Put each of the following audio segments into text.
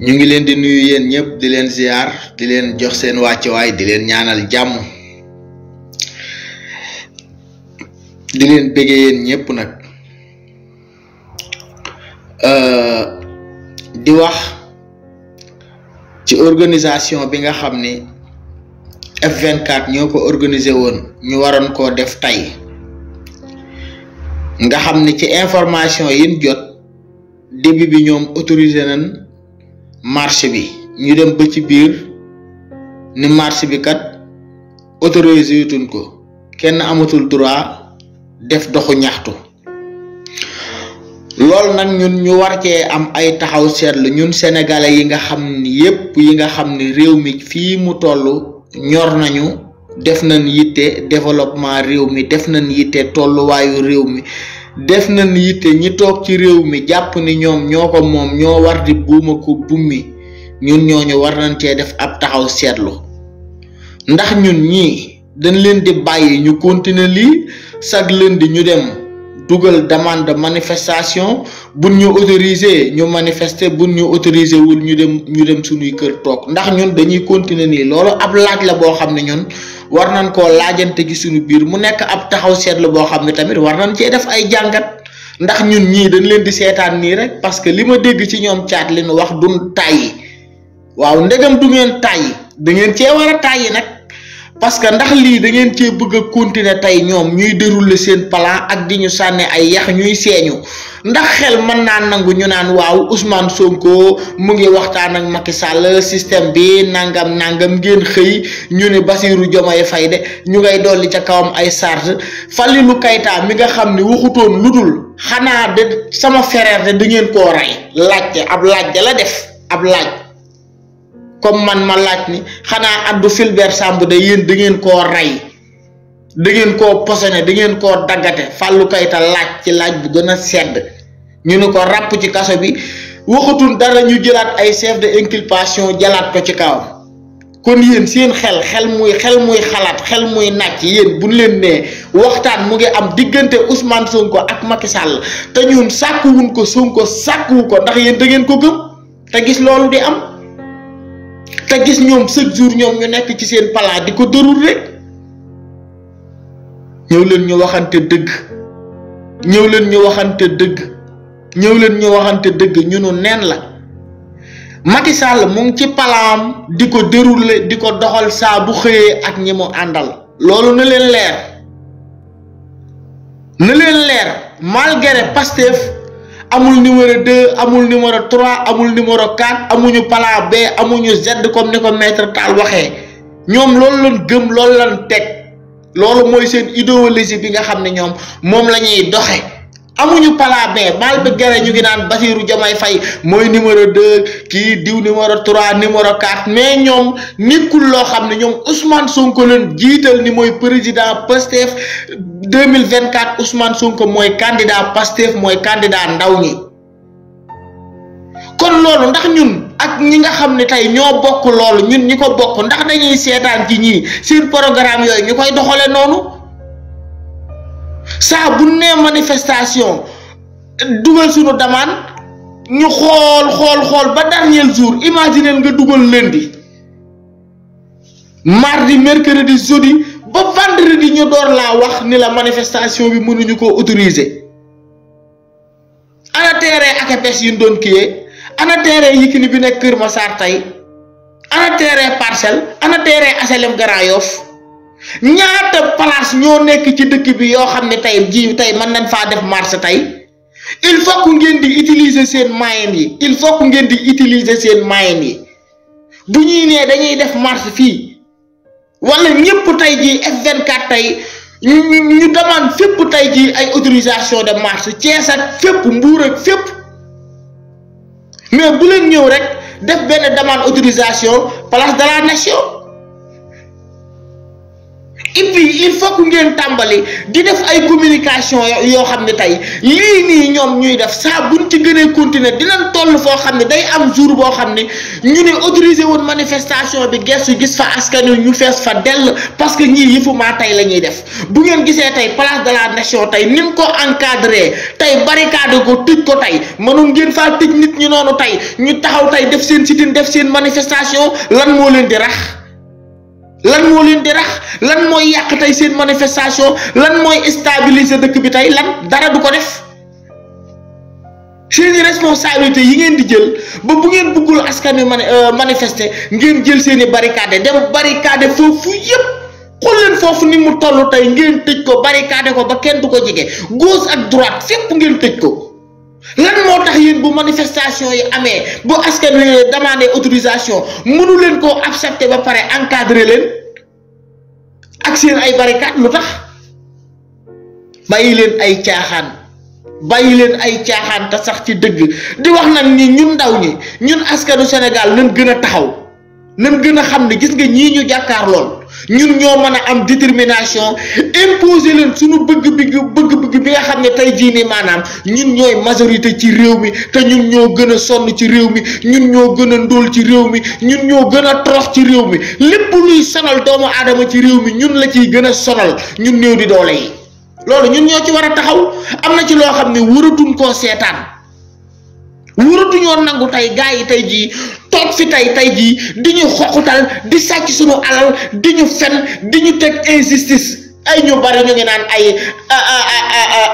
ñu ngi leen di nuyu yéen ñëpp di leen ziar di leen jox seen wàccuwaay di leen ñaanal jàmm di leen bëggee yéen ñëpp nag euh, di wax ci organisation bi nga xam ni f ñoo ko organiser woon ñu waroon koo def tey nga xam ni ci information yin jot début bi ñoom autorisé nañ. marché bi ñu dem ba ci biir ni marché bi kat autorisé yutuñ ko kenn amatul droit def doxu ñaxtu loolu nag ñun ñu war cee am ay taxaw seetlu ñun sénégalais yi nga xam ni yépp yi nga xam ni réew mi fii mu toll ñor nañu def nañ yitte développement réew mi def nañ yitte tolluwaayu réew mi def na ni ñi toog ci réew mi jàpp ni ñoom ñoo ko moom ñoo war di buuma ko buum bummi ñun ñooñu war nañ cee def ab taxaw seetlu ndax ñun ñii dañ leen di bàyyi ñu continuer lii chaque lundi ñu dem dugal demande manifestation bu ñu autorisé ñu manifester bu ñu autorisé wul ñu dem ñu dem suñuy kër toog ndax ñun dañuy continuer nii loolu ab laaj la boo xam ne ñun war nañ koo laajante ci suñu biir mu nekk ab taxaw seetlu boo xam ne tamit war nañ cee def ay jàngat ndax ñun ñii dañ leen di seetaan nii rek parce que li ma dégg ci ñoom caat li nu wax dun tàyyi waaw ndegam du ngeen tàyyi da cee war a tàyyi nag. parce que ndax lii da ngeen cee bëgg a continuer tey ñoom ñuy dérouler seen plan ak di ñu sànni ay yax ñuy seeñu ndax xel mën naa nangu ñu naan waaw Ousmane Sonko mu ngi waxtaan ak Macky Sall système bi nangam nangam ngeen xëy ñu ne Basirou Diomaye Faye de ñu ngay dolli ca kawam ay charge Falilou Keita mi nga xam ne waxutoon lu dul xanaa de sama frère de da ngeen koo rey laajte ab laaj la def ab laaj. comme man ma laaj ni xanaa Abdou Filbert sambu de yeen da ngeen ko ray da ngeen ko posséder da ngeen koo daggate Fallou Keita laaj ci laaj bu gëna sedd ñu ni ko rap ci kasso bi waxatun dara ñu jëlat ay chef de inculpation jëlat ko ci kaw kon yeen seen xel xel muy xel muy xalat xel muy nacc yeen buñ leen né waxtaan mu ngi am digënté Ousmane Sonko ak Macky Sall té ñun wuñ ko Sonko sakku ko ndax yeen da ngeen ko gëm té gis loolu di am te gis ñoom chaque jour ñoom ñu nekk ci seen palaa di ko dërul rek ñëw leen ñu waxante dëgg ñëw leen ñu waxante dëgg ñëw leen ñu waxante dëgg ñu nu neen la Macky Sall mu ngi ci palaam di ko dérouler di ko doxal saa bu xëyee ak ñi mu àndal loolu na leen leer na leen leer malgré Pastef amul numéro 2 amul numéro 3 amul numéro 4 amuñu plan B amuñu Z comme ni ko maître Tall waxee ñoom loolu lan gëm loolu lan teg loolu mooy seen idéologie bi nga xam ne ñoom moom la ñuy doxe amuñu plan B mal bi gere ñu ngi naan Bassirou Diomaye fay mooy numéro 2 kii diw numéro 3 numéro 4 mais ñoom nekkul loo xam ne ñoom Ousmane Sonko leen jiital ni mooy président deux mille vingt 2024 Ousmane Sonko mooy candidat Pastef mooy candidat ndaw ñi kon loolu ndax ñun. ak ñi nga xam ne tey ñoo bokk loolu ñun ñi ko bokk ndax dañuy seetaan ci ñii seen programme yooyu ñu koy doxale noonu ça bu nee manifestation sur notre man, ñu xool xool xool ba dernier jour imaginer nga double lundi mardi mercredi jeudi ba vendredi ñu door la wax ni la manifestation bi mënuñu ko autoriser ana terre ACAPES yi ñu doon kiiyee ana terre yikini bi nekk Kër Massar tey ana terre Parcelles ana terre HLM Grand Yoff ñaata place ñoo nekk ci dëkk bi yoo xam ne tey jii tey man nañ faa def marché tey il faut que ngeen di utiliser seen moyens yi il faut que ngeen di utiliser seen moyens yi bu ñuy nee dañuy def marché fii wala ñëpp tey jii F24 tey ñu ñu demande fépp tey jii ay autorisation de marche Thiès ak fépp Mbuur ak fépp mais bu leen ñëw rek def benn demande autorisation place de la nation. et puis il faut que ngeen tàmbali di def ay communication yoo xam ne tey lii nii ñoom ñuy def saa buñ ci gënee continuer dinañ toll foo xam ne day am jour boo xam ne ñu ne autorisé woon manifestation bi gerte gis fa askan ñu fees fa dell parce que ñii yëfu maa tey la ñuy def bu ngeen gisee tey place de la nation tey ni mu ko encadré tey barricade ko tëj ko tey mënoon ngeen faa tëj nit ñi noonu tey ñu taxaw tey def seen sit def seen manifestation lan moo leen di lan moo leen di rax lan mooy yàq tey seen manifestation lan mooy stabiliser dëkk bi tey lan dara du ko def seeni responsabilité yi ngeen di jël ba bu ngeen bëggul askan wi euh, manifester ngeen jël seeni barricade dem barricade foofu yëpp xool leen foofu ni mu toll tey ngeen tëj ko barricade ko ba kenn du ko jege gauche ak droite fépp ngeen tëj ko lan moo tax yéen bu manifestation yi amee bu askan wi leen autorisation mënu leen koo accepté ba pare encadré leen ak seen ay barricade lu tax bàyyi leen ay caaxaan bàyyi leen ay caaxaan te sax ci dëgg di wax nag ni ñun ndaw ñi ñun askanu Sénégal nan gën a taxaw nan gën a xam ne gis nga ñii ñu jàkkaar lool ñun ñoo mën a am détermination imposer leen suñu bëgg-bëgg bëgg bi nga xam ne tey jii nii maanaam ñun ñooy majorité ci réew mi te ñun ñoo gën a sonn ci réew mi ñun ñoo gën a ndóol ci réew mi ñun ñoo gën a torox ci réew mi lépp luy sonal doomu aadama ci réew mi ñun la ciy gën a sonal ñun néew di doole yi loolu ñun ñoo ci war a taxaw am na ci loo xam ne waratuñ ko seetaan waratuñoo nangu tey gaa yi tey jii toog fi tey tey jii di ñu xoqutal di sàcc suñu alal di ñu fen di ñu teg injustice ay ñu bari ñu ngi naan ay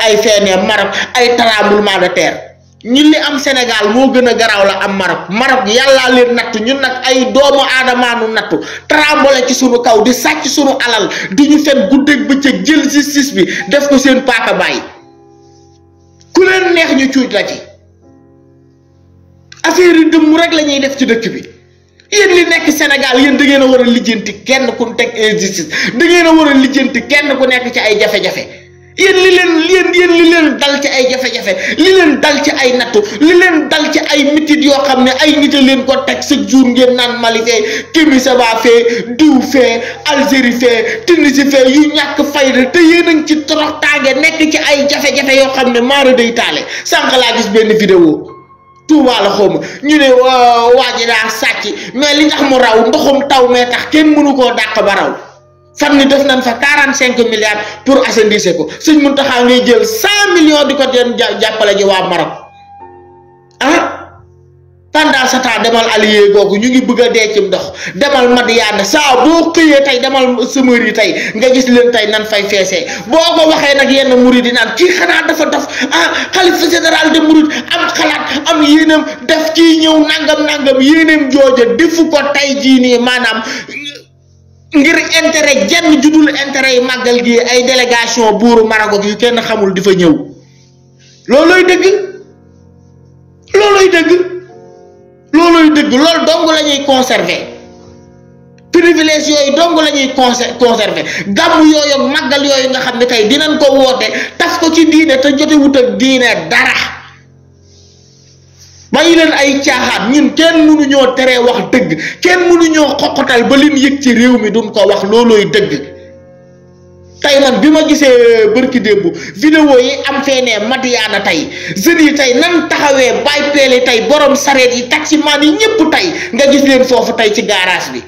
ay feenee Maroc ay tremblement de terre ñun li am Sénégal moo gën a garaaw la am Maroc Maroc yàllaa leen natt ñun nag ay doomu aadamaanu nattu trembler ci suñu kaw di sàcc suñu alal di ñu fen guddeeg bëccëg jël justice bi def ko seen paaka bàyyi ku leen neex ñu cuuj la ci affaire yi dëmm rek la ñuy def ci dëkk bi yéen li nekk Sénégal yéen da ngeen lijjanti kenn ku teg injustice da ngeen lijjanti kenn ku nekk ci ay jafe-jafe li leen yéen yéen li dal ci ay jafe-jafe li leen dal ci ay nattu li leen dal ci ay mitit yoo xam ne ay nit leen ko teg chaque jour ngeen naan Mali fee Kémisaba fee diw fee Algérie fee Tunisie fee yu ñàkk fayda te yéen ci torox taage nekk ci ay jafe-jafe yoo xam ne maara day taale sànq laa gis benn vidéo tuuba la xawma ñu ne waa ji daa sàcc mais li tax mu raw ndoxum taw mee tax kenn mënu koo dàq ba raw fan ni def nañ fa quarante cinq milliards pour assainir ko sëñ Muntaxa ngay jël cent millions di ko den jàppale ji waa Maroc ah pendant ce temps demal allié googu ñu ngi bëgg a dee ci ndox demal Madiyaana saa boo xëyee tey demal semeur yi tey nga gis leen tey nan fay feesee boo ko waxee nag yenn murid yi naan kii xanaa dafa dof ah xalifa général de murid am xalaat am yéenam def ciy ñëw nangam nangam yéenam jooja defu ko tey jii nii maanaam ngir intere jenn ju judul intérêt yi màggal gi ay délégation buuru Maroc yi kenn xamul di fa ñëw loolooy dëgg loolooy dëgg looluy dëgg loolu dong la ñuy conserver privilège yooyu dong la ñuy conserver gàmm yooyu ak màggal yooyu nga xam ne tey dinañ ko woote tas ko ci diine te jotewut ak diine dara bàyyi leen ay caaxaan ñun kenn mënuñoo tere wax dëgg kenn mënuñoo xoqatal ba leen yëg ci réew mi duñ ko wax loolooy dëgg tey man bi ma gisee euh, bërki démb vidéo yi am fee ne Madiana tey jeunes yi tey nan taxawee bàyyi peele tey borom sareet yi taximaan yi ñëpp tey nga gis leen foofu tey ci garage bi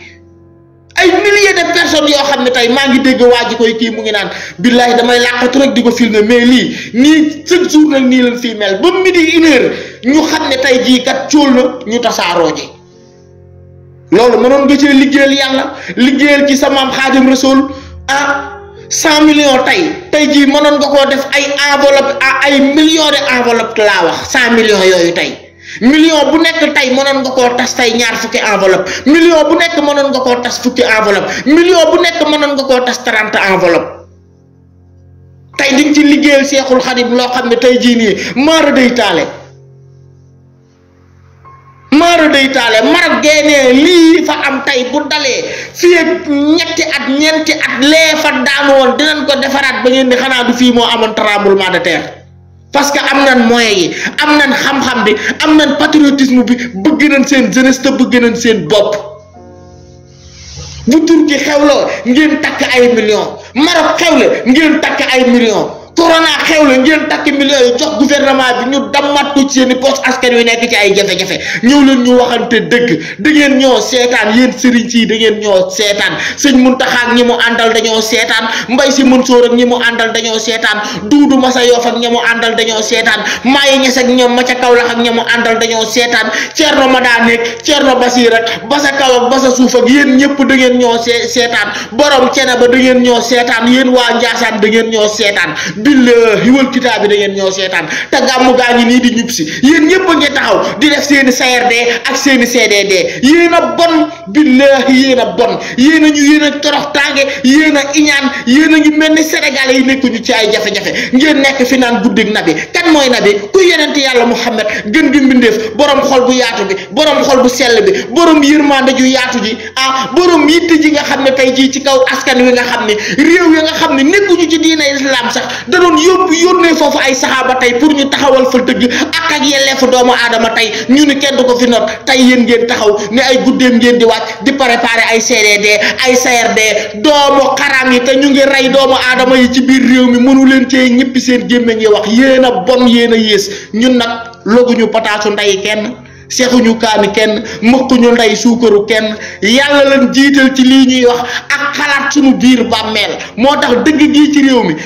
ay milliers de personnes yoo xam ne tey maa ngi dégg waa koy kii mu ngi naan billahi damay làqatu rek di ko filmer mais lii nii chaque jour nag nii leen fii mel ba midi une heure ñu xam ne tey jii kat cóol na ñu tasaaroo ji loolu mënoon nga cee liggéeyal yàlla liggéeyal ci sa maam cent million tey tey jii mënoon nga koo def ay enveloppe ah, ay millions de enveloppe laa wax cent millions yooyu tey million bu nekk tey mënoon nga koo tas tey ñaar fukki enveloppe million bu nekk mënoon nga koo tas fukki enveloppe million bu nekk mënoon nga koo tas trente enveloppe tey ci liggéeyal Seexul Xadim loo xam ne tey jii nii maara day taale maara day taale Maroc geenee lii fa am tey bu dalee fii ak ñetti at ñeenti at lee fa daanu woon dinañ ko defaraat ba ngeen di xanaa du fii moo amoon tremblement de terre parce que am nañ moyens yi am nañ xam-xam bi am nañ patriotisme bi bu nañ seen jeunesse te bëgg nañ seen bopp bu Turquie xewloo ngeen takk ay millions Maroc xewle ngeen takk ay millions corona xew la ngeen takk millions yi jox gouvernement bi ñu dammat ko ci seen i poste askan wi nekk ci ay jafe-jafe ñëw leen ñu waxante dëgg da ngeen ñoo seetaan yéen sëriñ si da ngeen ñoo seetaan sëñ Muntaxa ak ñi mu àndal dañoo seetaan Mbay Si Mansour ak ñi mu àndal dañoo seetaan Duudu Masa Yoof ak mu àndal dañoo seetaan Maayi Ñas ak ñoom ma ca Kawlax ak ñi mu àndal dañoo seetaan Ceerno Madaan ak Ceerno Basiir ak Basa Kaw ak Basa Suuf ak yéen ñëpp da ngeen ñoo seetaan borom cene ba da ngeen ñoo seetaan yéen waa Njaasaan da ngeen ñoo seetaan xiwal kitaab bi da ngeen ñoo seetaan te gàmmu gaa ngi nii di ñub si yéen ñëpp a ngi taxaw di def seeni CRD ak seeni CDD yéen a bon billaahi yéen a bon yéen a ñu yéen a torox tànge yéen a iñaan yéen a ngi mel ni sénégalais yi nekkuñu ci ay jafe-jafe ngeen nekk fi naan guddig nabi kan mooy nabi ku yonent yàlla muhammad gën gi mbindeef borom xol bu yaatu bi borom xol bu sell bi borom yërmande ju yaatu bi ah borom yitte ji nga xam ne tey jii ci kaw askan wi nga xam ne réew yi nga xam ne nekkuñu ci diine islam sax da doon yóbbu yónnee foofu ay saxaaba tey pour ñu taxawal fa dëgg ak ak yelleefu doomu aadama tey ñu ni kenn ko fi not tey yéen ngeen taxaw ne ay guddeem ngeen di wàcc di préparer ay CDD ay CRD doomu xaram yi te ñu ngi rey doomu aadama yi ci biir réew mi mënu leen cee ñëppi seen gémmiñ yi wax yéen a bon yéen a yées ñun nag loguñu pataasu ndeyi kenn sexuñu kaani kenn mëkkuñu ndey suukaru kenn yàlla lan jiital ci lii ñuy wax ak xalaat suñu biir bàmmeel moo tax dëgg gii ci réew mi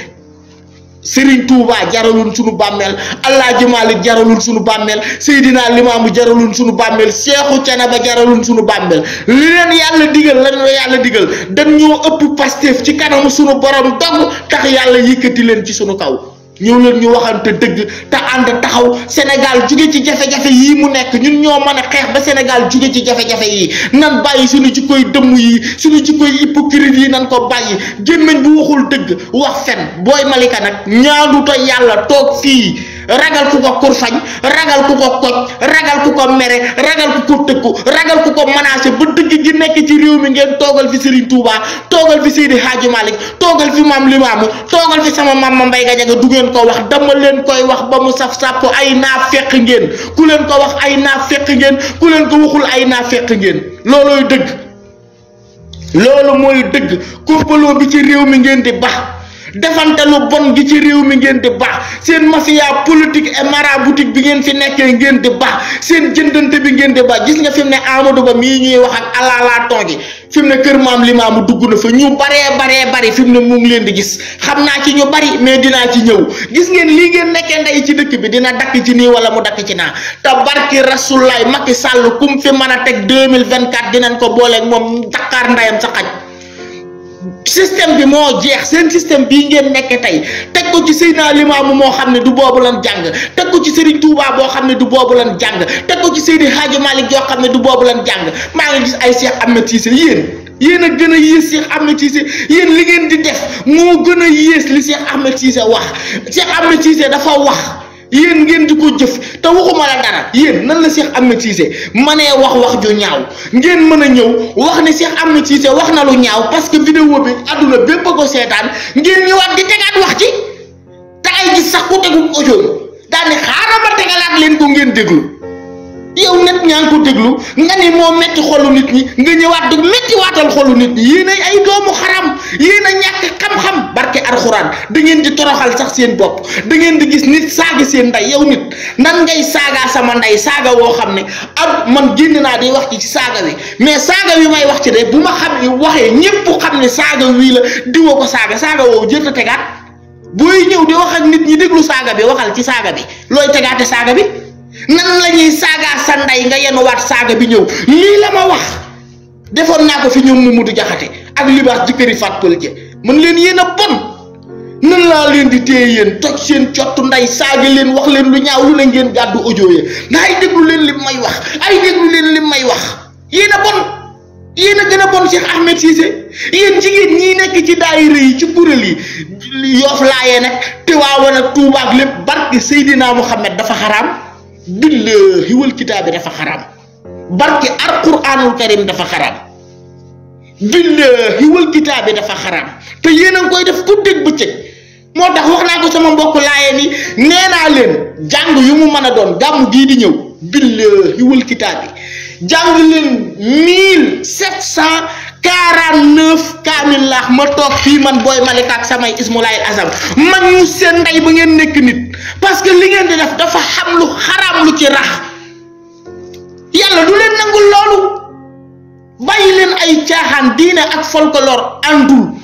Sëriñ Tuuba jaralul sunu bàmmeel Alaaji Maalik jaralul suñu bàmmeel Seydina Limaamu jaralul suñu bàmmeel Seexu Canaba jaralul suñu bàmmeel li leen yàlla digal lan la yàlla digal dañ ñoo ëpp Pastef ci kanamu sunu borom dog tax yàlla yëkkati leen ci sunu kaw ñëw leen ñu waxante dëgg te ànd taxaw Sénégal jóge ci jafe-jafe yii mu nekk ñun ñoo mën a xeex ba Sénégal jóge ci jafe-jafe yi nan bàyyi suñu jikkoy dëmm yi suñu jikkoy hypocrite yi nan ko bàyyi gémmiñ bu waxul dëgg wax fen booy malika nag ñaanduta yàlla toog fii ragal ku ko kurfañ ragal ku ko koj ragal ku ko mere ragal ku ko tëkku ragal ku ko menacé ba dëgg gi nekk ci réew mi ngeen toogal fi Serigne Touba toogal fi Seydi Hadji Malick toogal fi maam Limaamu toogal fi sama maam ma Mbay Gajaga du ngeen ko wax dama leen koy wax ba mu saf sàpp ay naa fekk ngeen ku leen ko wax ay naa fekk ngeen ku leen ko waxul ay naa fekk ngeen loolooy dëgg loolu mooy dëgg kompaloo bi ci réew mi ngeen di ba defante lu bon gi ci réew mi ngeen di baax seen masiya politique et maraboutique bi ngeen fi nekkee ngeen di baax seen jëndante bi ngeen di baax gis nga fi mu ne Amadou Ba mii ñuy wax ak alaalaatoo gi fi mu ne kër maam li limaamu dugg na fa ñu baree baree bari fi mu ne mu leen di gis xam naa ci ñu bari mais dinaa ci ñëw gis ngeen lii ngeen nekkee ndey ci dëkk bi dina dakk ci nii wala mu dakk ci naa te barki rasulaay Macky Sall kum fi mën a teg deux mille vingt quatre dinañ ko booleeg moom Dakar ndeyam sa système bi moo jeex seen système bii ngeen nekkee tey teg ko ci Seydina Limaamu moo xam ne du boobu lan jàng teg ko ci Serigne Touba boo xam ne du boobu lan jàng teg ko ci Seydi Hadji Malick yoo xam ne du boobu lan jàng maa ngi gis ay Cheikh Ahmed Cissé yéen yéen a gën a yées Cheikh Ahmed Cissé yéen li ngeen di def moo gën a yées li Cheikh Ahmed Cissé wax Cheikh Ahmed Cissé dafa wax. yéen ngeen di ko jëf te waxuma la dara yéen nan la Cheikh Ahmed Cissé mënee wax wax ju ñaaw ngeen mën a ñëw wax ne Cheikh Ahmed Cissé wax na lu ñaaw parce que vidéo bi àdduna bépp a ko seetaan ngeen ñëwaat di tegaat wax ci te ay gis sax ku tegum audio daal ne xaaral ma tegalaat leen ko ngeen déglu. yow nit ñaa ngi ko déglu nga ni moo metti xolu nit ñi nga ñëwaat du metti waatal xolu nit ñi yéen ay doomu xaram yéen a ñàkk xam-xam barke arxuraan dangeen di toroxal sax seen bopp dangeen di gis nit saaga seen ndey yow nit nan ngay saagaa sama ndey saaga woo xam ne ab man génn naa di wax ci saaga wi mais saaga wi may wax ci de bu ma xam ni waxee ñépp xam ne saaga wii la diwa ko saaga saaga woo jër a tegaat booy ñëw di wax ak nit ñi déglu saaga bi waxal ci saaga bi looy tegaate saaga bi nan lañuy saga sa ndey nga yenn wat saga bi ñew li la ma wax defon nako ko fi ñoom Mamadou Diakhaté ak ci keri fatul je mën leen yena bon nan la leen di tey yeen tok seen cott nday saga leen wax leen lu ñaaw lu ne ngeen audio ye ngay deglu leen lim may wax ay deglu leen lim may wax yena bon yena gëna bon Cheikh Ahmed Cissé yéen jigéen ñi nekk ci daayira yi ci kuréel yi yoof laayee nag tiwaawa tuubaak lepp barki sayidina muhammad dafa haram billahi xiwal kitaabi dafa xaraam barki alquranul karim dafa xaraam billahi xiwal kitaabi dafa xaraam te yéen a ngi koy def bu bëccëg moo tax wax naa ko sama mbokk laayeen yi nee leen jàng yu mu mën a doon gàmm gii di ñëw billahi xiwal kitaabi jàng leen mille sept 49 kaamil laax ma toog fii man booy Malika ak samay ismulaay azam man ñu seen ndey ba ngeen nekk nit parce que li ngeen di def dafa xam lu xaraam lu ci rax yàlla du leen nangul loolu bàyyi leen ay caaxaan diine ak folklore àndul.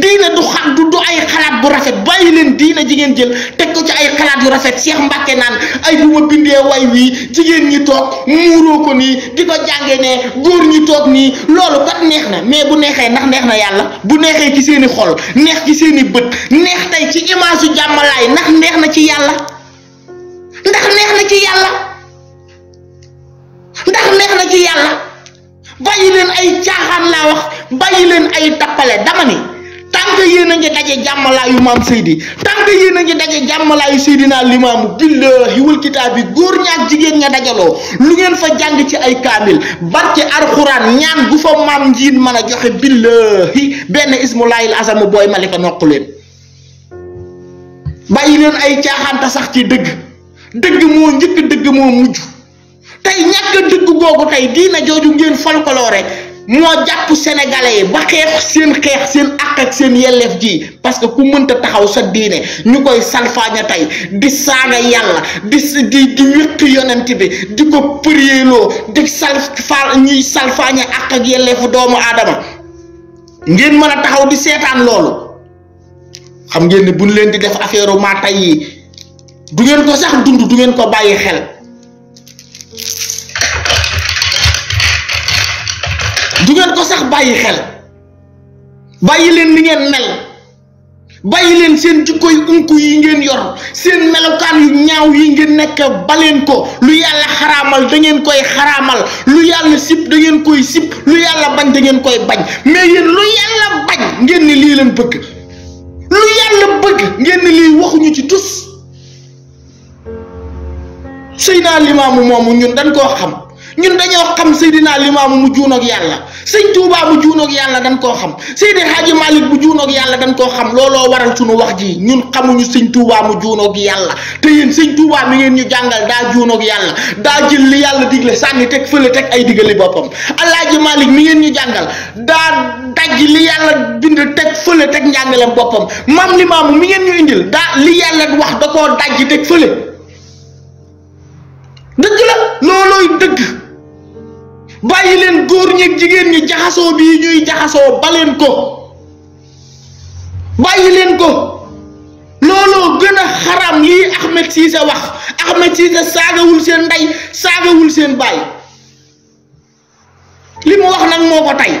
dina du xam du du ay xalaat bu rafet bayi len diine jigen jël tek ko ci ay xalaat yu rafet cheikh mbàkke nan ay bu ma bindee way wi jigen ñi tok muuro ko ni diko jangé né goor ñi tok ni loolu kat neex na mais bu neexé nak neex na bu neexé ci seeni xol neex ci seeni bët neex tay ci image yu jàmmalaay ndax neex na ci yalla ndax neex na ci yalla ndax neex na ci yalla bayi len ay tiaxan la wax bayi len ay tapalé dama ni tant yeen yéen dajé ngi daje jàmmalaayu maam Seydi tant que yéen a ngi daje jàmmalaayu limam Limaamu billahi wal kitaabi góor ñaak jigéen ña dajalo lu ngeen fa jang ci ay Kamil. barke alquran ñaan gu fa maam njiin mën a joxe billahi ismu ismulaayil azam boy malika nokulen bayi len leen ay caaxaanta sax ci deug deug mo ñeuk deug mo muju tay ñàkk deug googu tay diina joju ngeen rek mo japp sénégalais ba xex seen xex seen ak ak seen yelef ji parce que ku meunta taxaw sa diiné ñukoy salfaña tay di saga yalla di di di wékk yonent bi di ko përieloo di salfa ñi salfaña ak ak yelef doomu adama ngeen mëna taxaw di seetaan loolu xam ngeen ni buñu leen di def affaireu ma tay yi du ngeen ko sax dund du ngeen ko bayyi xel du ngeen ko sax bàyyi xel bàyyi leen li ngeen mel bàyyi leen seen jikko yu yi ngeen yor seen melokaan yu ñaaw yi ngeen nekk baleen ko lu yàlla xaraamal da koy xaraamal lu yàlla sib da koy sib lu yàlla bañ da ngeen koy bañ mais yéen lu yàlla bañ ngeen lii leen bëgg lu yàlla bëgg ngeen lii waxuñu ci tus sëy naa limaamu moomu ñun dañ koo xam ñun dañoo xam Seydina Limaamu mu juunoog yàlla sëñ Tuubaa mu juunoog yàlla dañ koo xam Seydi Haaji Malik bu juunoog yàlla dañ koo xam looloo waral sunu wax ji ñun xamuñu sëñ Tuubaa mu juunoog yàlla te yéen sëñ Tuubaa mi ngeen ñu jàngal daa juunoog yàlla daa jël li yàlla digle sànni teg fële teg ay digali boppam ji Malik mi ngeen ñu jàngal daa daj li yàlla bind teg fële teg njàngalem boppam maam Limaamu mi ngeen ñu indil daa li yàlla wax da koo daj teg fële dëgg bàyyi leen góor ñeeg jigéen ñi jaxasoo bii ñuy jaxasoo baleen ko bàyyi leen ko looloo gën a xaram lii Ahmed Cissé wax Ahmed Cissé saagawul seen ndey saagawul seen baay li mu wax nag moo ko tey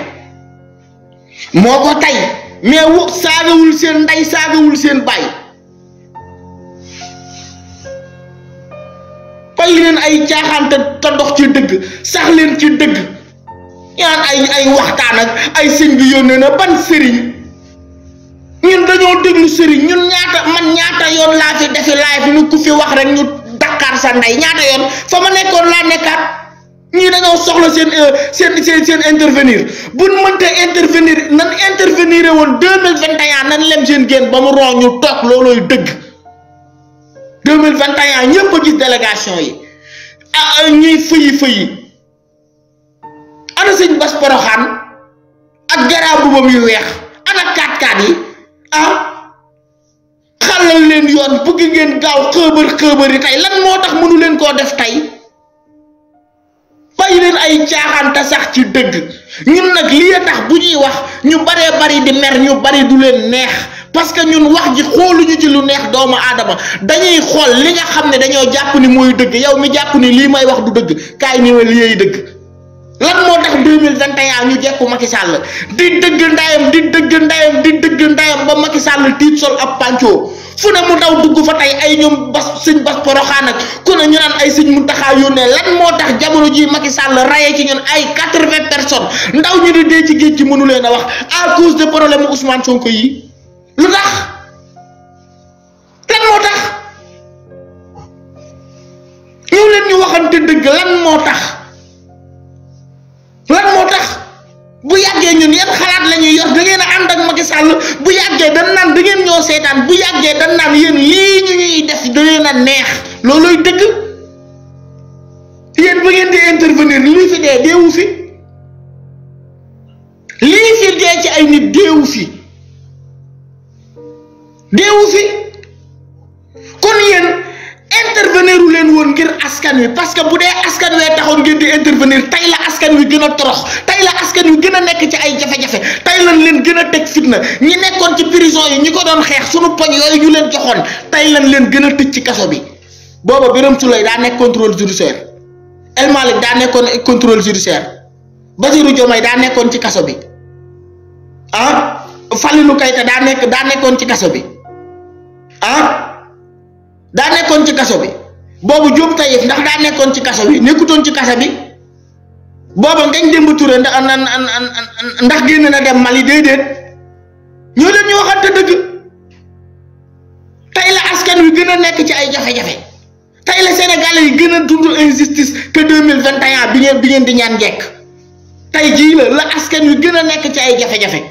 moo ko tey mais saagawul seen ndey saagawul seen baay ay caaxaan te te dox ci dëgg sax leen ci dëgg ñaan ay ay waxtaan ak ay sëñ bi yoon yónnee na ban sëriñ ñun dañoo déglu sëriñ ñun ñaata man ñaata yoon laa fi defi live ñu ku fi wax rek ñu Dakar sa ndey ñaata yoon fa ma nekkoon laa nekkaat ñii dañoo soxla seen euh, seen seen seen intervenir buñ mënta intervenir nan intervenir woon deux mille vingt et un nan lem seen génn ba mu rooñ ñu toog loolooy dëgg deux mille vingt et un ñëpp a gis délégation yi. ñi fëyi fëyi ana sëñ bas poroxaan ak garabu bam yu wex ana kat kat yi ah xalal leen yoon bëgg ngeen gaaw xëbër xëbër yi tay lan moo tax mënu leen koo def tay bàyyi leen ay ta sax ci dëgg ñun nag lii tax bu ñuy wax ñu bare bari di mer ñu bari du leen neex parce que ñun wax ji xooluñu ci lu neex doomu aadama dañuy xool li nga xam ne dañoo jàpp ni mooy dëgg yow mi jàpp ni lii may wax du dëgg kaay ni ma lii dëgg lan moo tax 2021 jekku Macky Sall di dëgg ndayam di dëgg ndayam di dëgg ndayam ba Macky Sall tiit sol ab pàncoo fu ne mu daw dugg fa tey ay ñoom bas sëñ bas poroxaan ak ku ne ñu naan ay sëñ mu taxaa yónnee lan moo tax jamono ji Macky sàll rayee ci ñun ay quatre-vingts personnes ndaw ñu di dee ci géej gi mënu leen a wax à cause de problème Ousmane Sonko yi Ludah, kan tax lan moo nyuakan ñëw leen ñu waxante mudah. lan moo tax lan moo tax bu yàggee ñun yan xalaat la yor da ngeen a ak Macky Sall bu yàggee dan nan da ngeen ñoo seetaan bu yàggee dan nan yéen lii ñu ñuy def da ngeen neex ngeen di intervenir li fi dee deewu fi amu fi kon yéen intervenir u leen woon ngir askan wi parce que bu dee askan wee taxoon ngeen di intervenir tey la askan wi gën a torox tey la askan wi gën a nekk ci ay jafe-jafe tey lañ leen gën a teg fitna ñi nekkoon ci prison yi ñi ko doon xeex sunu poñ yooyu ñu leen joxoon tey lañ leen gën a tëj ci kaso bi booba Birame Souleye daa nekk contrôle judiciaire El Malick daa nekkoon contrôle judiciaire Basirou Diomaye daa nekkoon ci kaso bi ah Falilou Keita daa nekk daa nekkoon ci kaso bi. daa nekkoon ci kaso bi boobu Diop Taïf ndax daa nekkoon ci kaso bi nekkutoon ci kaso bi booba ngañ démb Touré ndax ndax génn na dem Mali déedéet ñoo leen ñu waxante dëgg tey la askan wi gën a nekk ci ay jafe-jafe tey la Sénégalais yi gën a dund injustice que deux mille vingt et un bi ngeen bi ngeen di ñaan njekk tey jii la la asken wi gën a nekk ci ay jafe-jafe.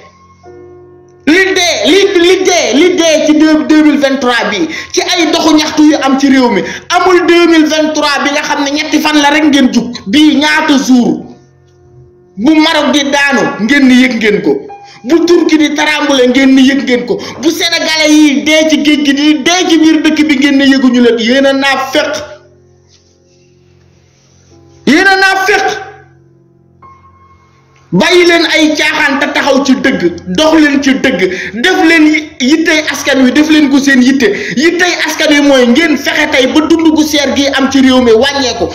li dee li li dee li dee ci deux mille vingt trois bi ci ay doxu ñaxtu yu am ci réew mi amul deux mille vingt trois bi nga xam ne ñetti fan la rek ngeen jug bi ñaata jour bu Maroc di daanu ngeen ni yëg ngeen ko bu Turki di tarambule ngeen ni yëg ngeen ko bu sénégalais yi dee ci géej gi di dee ci biir dëkk bi ngeen ne yëguñu leen yéen a naa féq a naa féq bàyyi leen ay caaxaan te taxaw ci dëgg dox leen ci dëgg def leen yittey askan wi def leen ko seen yitte yittey askan wi mooy ngeen fexe tey ba dund gu seer gi am ci réew mi wàññeeku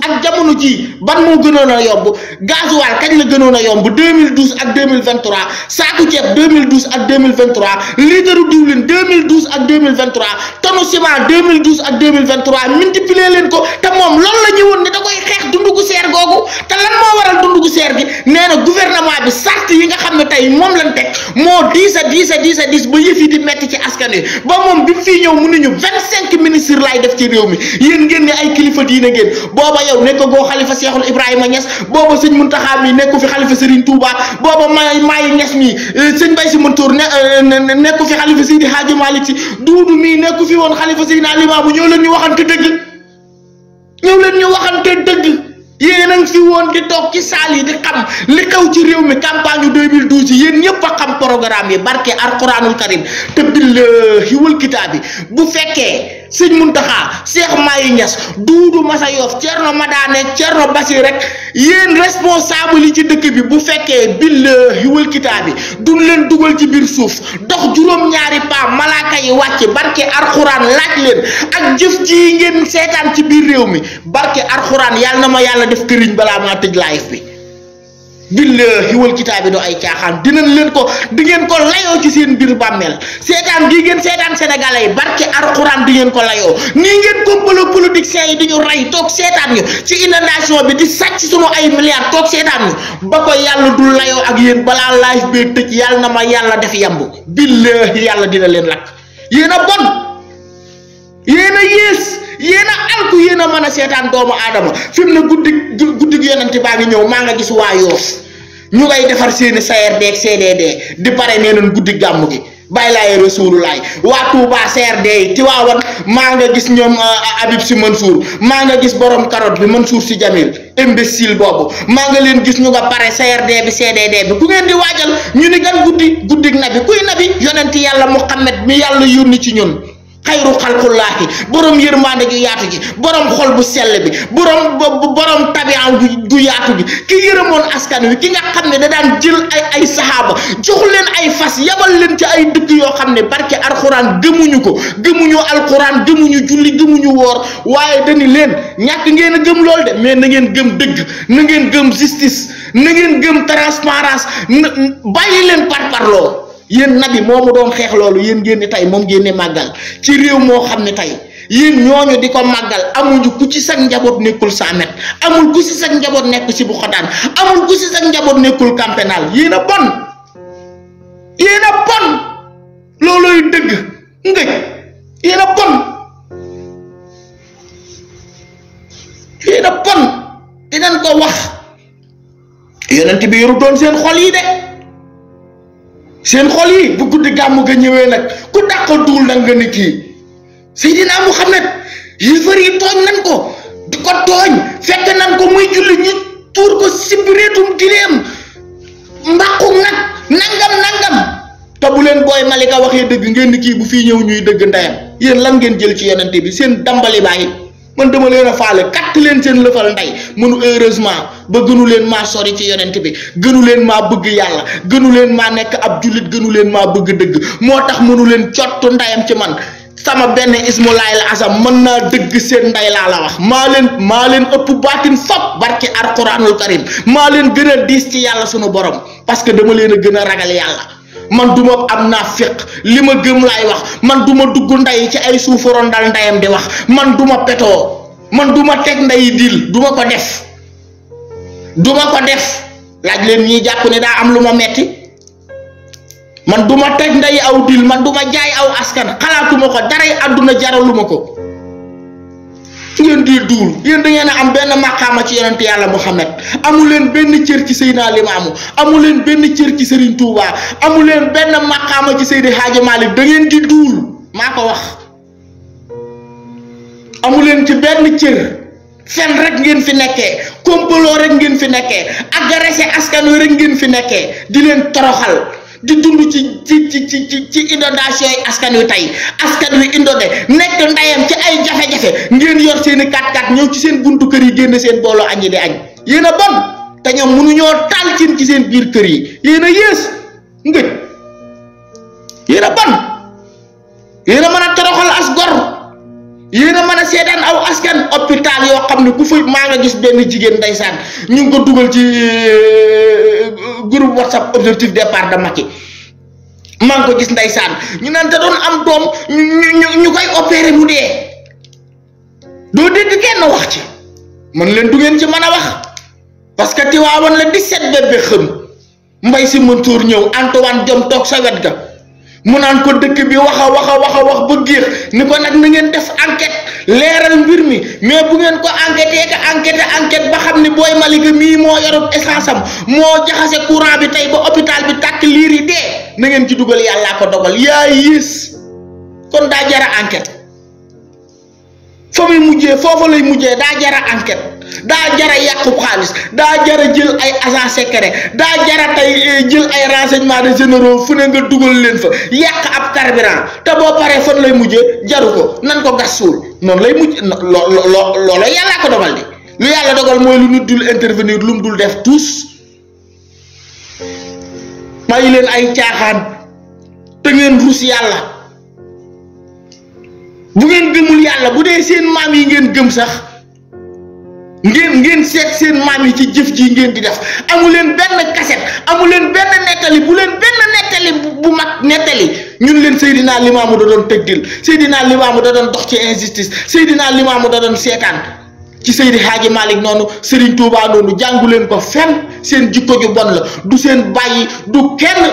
ak jamono jii ban moo gënoon a yomb gasoil kañ la gënoon a yomb 2012 ak 2023 diwlin ak tonu ciment ak 2023 multiplier leen ko te moom loolu la ñëwoon ne da koy xeex dundu gu seer googu te lan moo waral dundu gu seer gi nee na bi sart yi nga xam ne tey moom lañ teg moo diis a diis a diis a diis ba yëf di metti ci askan wi ba moom bi mu fii ñëw mënuñu vingt cinq ministres laay def ci réew mi yéen ngeen ne ay kilifa diina ngeen booba yow nekk goo xalifa Seexul Ibrahima Ñas booba sëñ Muntaxa mi nekku fi xalifa Sëriñ Tuuba booba may maayi Ñas mi euh, sëñ Bay Si Mantuur euh, ne nekku fi xalifa Seydi Haaji Maalik Si duudu mii nekku fi woon waxante dëgg ñëw leen ñu waxante dëgg yéen a ngi fi woon di toog ci saal yi di xam li xew ci réew mi campagne yu 2012 yi yéen ñëpp a xam programme yi barke alxuraanul karim te billaahi wal kitaabi bu fekkee. sëñ Muntaxa Cheikh Mahi Niass Doudou Massa Yoff Thierno Madane Thierno Bassi rek yéen responsable yi ci dëkk bi bu fekkee billaahi wal kitaabi duñ leen dugal ci biir suuf dox juróom-ñaari paa malaaka yi wàcc barke arxuraan laaj leen ak jëf ji ngeen seetaan ci biir réew mi barke arxuraan yal na ma yàlla def këriñ balaa maa tëj live bi billaahi wal kitaabi do ay caaxaan dina leen ko di ngeen ko layoo ci seen biir bàmmeel seetaan gi ngeen seetaan sénégalais yi barke alxuraan di ngeen ko layoo nii ngeen complot politiciens yi di ñu rey toog seetaan ñu ci inondation bi di sàcc sunu ay milliards toog seetaan ñu ba ko yàlla du layoo ak yéen balaa live bee tëj yàlla na ma yàlla def yamb billaahi yàlla dina leen lakk yéen a bon yéen a yées yéen a alku yéen a mën a seetaan doomu aadama fi mu ne guddi guddi yonente baa ngi ñëw maa nga gis waa yoof ñu ngay defar seeni CRD ak CDD di pare nee nañ guddi gàmmu gi bàyyi laay rasuululaay waa Touba CRD yi Tiwaawan maa nga gis ñoom euh, euh, Habib si Mansour maa nga gis borom carotte bi Mansour si Jamil imbécile boobu maa nga leen gis ñu nga pare CRD bi CDD bi ku ngeen di waajal ñu ni gan guddi guddi nabi kuy nabi yonent yàlla Muhammad mi yàlla yónni ci ñun xayru xalqullaahi borom yërmaande ju yaatu ji borom xol bu sell bi borom borom tabian ju yaatu bi ki yërëmoon askan wi ki nga xam ne da daan jël ay ay saxaaba jox leen ay fas yabal leen ci ay dëkk yoo xam ne barke alxuraan gëmuñu ko gëmuñu alxuraan gëmuñu julli gëmuñu woor waaye dañu leen ñàkk ngeen a gëm lool de mais na ngeen gëm dëgg na ngeen gëm justice na ngeen gëm transparence bàyyi leen parparloo yéen nabi moomu doon xeex loolu yéen génne tey moom génne màggal ci réew moo xam ne tey yéen ñooñu di ko màggal amuñu ku ci sag njaboot nekkul Samet amul ku ci sag njaboot nekk ci bu xotaan amul ku njaboot nekkul campénal yéen a bon yéen a bon loolooy dëgg ngëj yéen bon yéen a bon dinañ ko wax yonent bi yoru doon seen xol yi de seen xol yi bu guddi gàmmu ga ñëwee nag ku dàq duul nag nga ni kii Seydina Muhammad yéefar yi tooñ nan ko di ko tooñ fekk nan ko muy julli ñu tuur ko sibireetum gileem mbàqu nag nangam nangam te bu leen booy Malika waxee dëgg ngeen ni kii bu fii ñëw ñuy dëgg ndeyam yéen lan ngeen jël ci yonente bi seen dambali baa ngi man dama leen a faale katt leen seen lëfal ndey mënu heureusement ba gënu leen maa sori ci yonent bi gënu leen maa bëgg yàlla gënu leen maa nekk ab jullit gënu leen maa bëgg dëgg moo tax mënu leen cottu ndeyam ci man sama benn ismu la asam mën naa dëgg seen ndey maa leen maa leen ëpp baatin fop barki ar alquranul karim maa leen gën a diis ci yàlla sunu borom parce que dama leen a gën a ragal yàlla man du ma am naa féq li ma gëm laay wax man duma dugg ndey ci ay suufaroon dal ndeyam di wax man du ma petoo man du ma teg ndey dil du ma ko def duma ko def laaj leen ñi jàpp ne daa am lu ma metti man duma teg ndey aw dil man duma jaay aw askan xalaatuma ko daray àdduna jaraluma ko ci di duul yéen da ngeen a am benn maqaama ci yonent yàlla Muhammad amu leen benn cër ci Seydina Limaamu amu leen benn cër ci Serigne Touba amuleen benn maqaama ci Seydi Hadji Malick da ngeen di duul maa ko wax amu leen ci benn cër. fen rek ngeen fi nekkee complot rek ngeen fi nekkee agressé askan wi rek ngeen fi nekkee di leen toroxal di dund ci ci ci ci ci inondation yi askan wi tey askan wi inondé nekk ndeyam ci ay jafe-jafe ngeen yor seen i kat ñëw ci seen buntu kër yi génn seen booloo añi di añ yéen a bon te ñoom mënuñoo taal cin ci seen biir kër yi yéen a yées ngëj yéen bon yéen mën a toroxal as gor yéena mana a aw askan hôpital yo xamni ku fa ma nga gis ben jigen ndaysan ñu ko duggal ci euh, groupe whatsapp objectif départ de maki ma nga gis ndaysan ñu nan ta doon am dom ñu koy opérer mu dee doo dégg kenn wax ci man leen du ngeen ci mëna wax parce que tiwa won la 17 bébé xëm mbay si mëntuur ñew Antoine Diome tok sa wet ga mu naan ko dëkk bi wax a wax a wax a wax ba géex ni ko nag na ngeen def enquête leeral mbir mi mais bu ngeen ko enquêté ka enquête enquête ba xam ni booy Malika mii moo yorob essence am moo jaxase courant bi tey ba hôpital bi tàkk liir yi dee na ngeen ci dugal yàllaa ko dogal yaa yées kon daa jara enquête fa muy mujjee foofu lay mujjee daa jara enquete daa jara yàqub xaalis daa jara jël ay agent secret daa jara tey eh, jël ay renseignement de généraux fu ne nga dugal leen fa yàq ab carburant te boo paree fan lay mujjee jaru ko nan ko gas suul noonu lay mujj loo loo loolo yàllaa ko dogal de lu yàlla dogal mooy lu nit dul intervenir lu mu dul def tous bàyyi leen ay caaxaan te ngeen rus yàlla bu ngeen gëmul yàlla bu dee seen maam yi ngeen gëm sax ngeen ngeen seet seen maam yi ci jëf ji ngeen di def amu leen benn kaset amu leen benn nettali bu leen benn nettali bu mag nettali ñun leen Seydina Limaamu da doon tëggil Seydina Limaamu da doon dox ci injustice Seydina Limaamu da doon seetaan ci Seydi Haaji Malick noonu Serigne Touba noonu jàngu leen ko fenn seen jikko ju bon la du seen bàyyi du kenn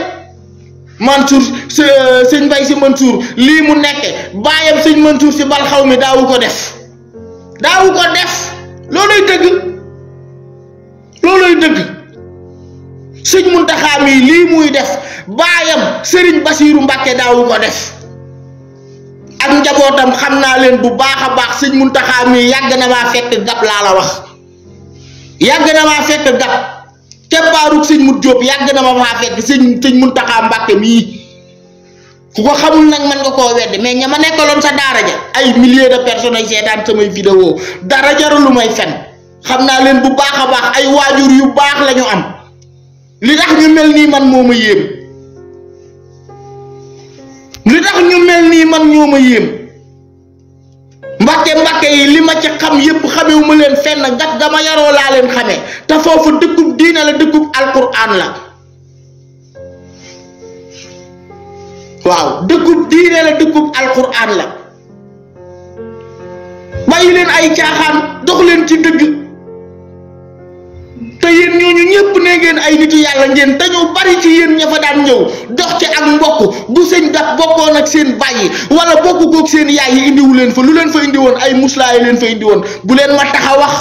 Mansour seen Mbaye si Mansour lii mu nekke bàyyam sëñ Mansour si balxaw mi daawu ko def daawu ko def looluy dëgg looluy dëgg sëñ Muntaxa mi lii muy def baayam sëriñ Basiiru Mbàkke daawu ko def ak njabootam xam naa leen bu baax a baax sëñ Muntaxa mi yàgg na maa fekk gab laa la wax yàgg na maa fekk gab te baaruk sëñ mu Jóob yàgg na ma maa fekk sëñ sëñ Muntaxa Mbàkke mii ku ko xamul nak man nga ko wedd mais ñama nekkalon sa dara ja ay milliers de personnes ay sétane sama vidéo dara jarul lu may fen xamna len bu baakha baax ay wajur yu baax lañu am li tax ñu melni man moma yem li tax ñu melni man ñoma yem mbacke mbacke yi lima ci xam yépp xamewuma len fenn gat dama yaro la len xamee ta fofu dëkkub diina la dëkkub alquran la waaw dëkkub diine la dëkkub alquran la bàyyi leen ay caaxaan dox leen ci dëgg te yéen ñooñu ñëpp ne ngeen ay nitu yàlla ngeen dañoo bari ci yéen ña fa daan ñëw dox ci ak mbokk bu sëñ dab bokkoon ak seen bàyyi wala bokk koog seen yaay yi wu leen fa lu leen fa indi woon ay muslaay leen fa indi woon bu leen ma tax a wax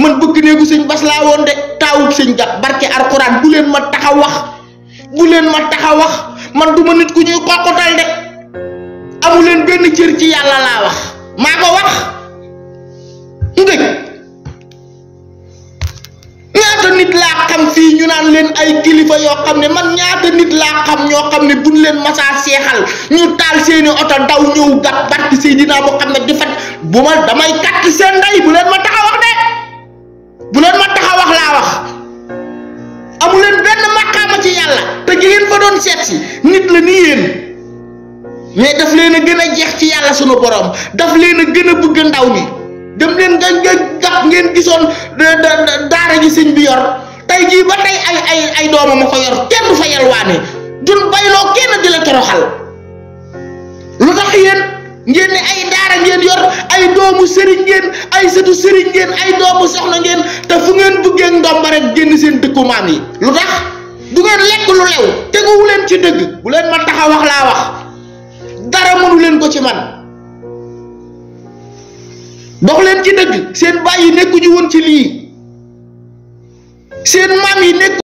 man bëgg néegu sëñ bas laa woon de taawub sëñ dab barke alquran bu leen ma tax a wax bu leen ma tax a wax man duma nit ku ñuy koqutal de amu len benn cër ci yalla la wax mako wax ndeg ñaata nit la xam fi ñu naan leen ay kilifa yo xamne man ñaata nit la xam ño xamne buñ leen massa seexal ñu taal seeni auto daw ñew gat barki Seydina Muhammad di fat buma damay kat seen ndey bu leen ma taxaw wax de bu leen ma taxaw wax la wax yàlla te gi ngeen fa doon seet si nit la ni yeen mais daf leena gëna gën jeex ci yalla suñu borom daf leena gëna bëgg ndaw ni dem leen gañ gañ gap ngeen gisoon daara ji señ bi yor tay jii ba tay ay ay ay dooma mako yor kenn fa fa waane dun baylo kenn di la toroxal lu tax ngeen ay daara ngeen yor ay doomu sëriñ ngeen ay sëtu sëriñ ngeen ay doomu soxna ngeen te fu ngeen bëggee ndomba rek genn seen dëkku maam yi lu tax du ngeen lekk lu lew teguwu leen ci dëgg bu leen ma tax wax laa wax dara mënu leen ko ci man dox leen ci dëgg seen baay yi nekkuñu woon ci lii seen maam yi nekk